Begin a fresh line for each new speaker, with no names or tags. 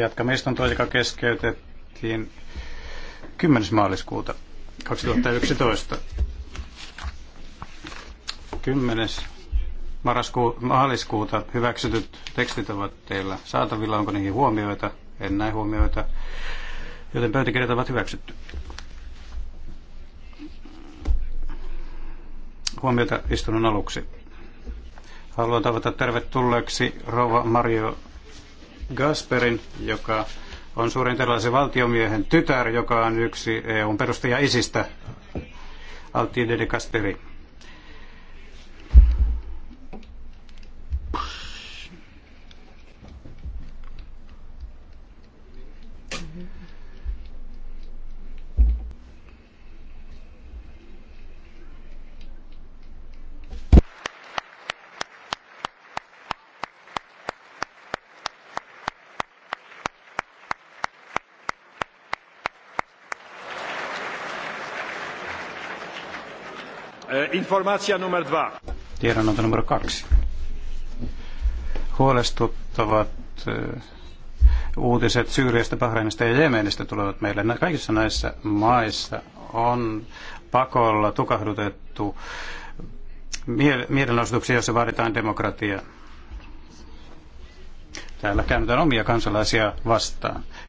Jatkamme istuntoa, joka keskeytettiin 10. maaliskuuta 2011. 10. Marasku, maaliskuuta hyväksytyt tekstit ovat teillä saatavilla. Onko niihin huomioita? En näe huomioita. Joten pöytäkirjat ovat hyväksytty. Huomiota istunnon aluksi. Haluan tavata tervetulleeksi rouva Mario Gasperin, joka on suurin tällaisen valtiomiehen tytär, joka on yksi EUn perustaja isistä, Altide de Gasperi.
E, Informaatio numero 2.
Tiedonanto numero kaksi. Huolestuttavat e, uutiset Syyriasta, Bahrainista ja Jemenistä tulevat meille. Kaikissa näissä maissa on pakolla tukahdutettu mielenosoituksia, joissa vaaditaan demokratiaa. Täällä käännetään omia kansalaisia vastaan.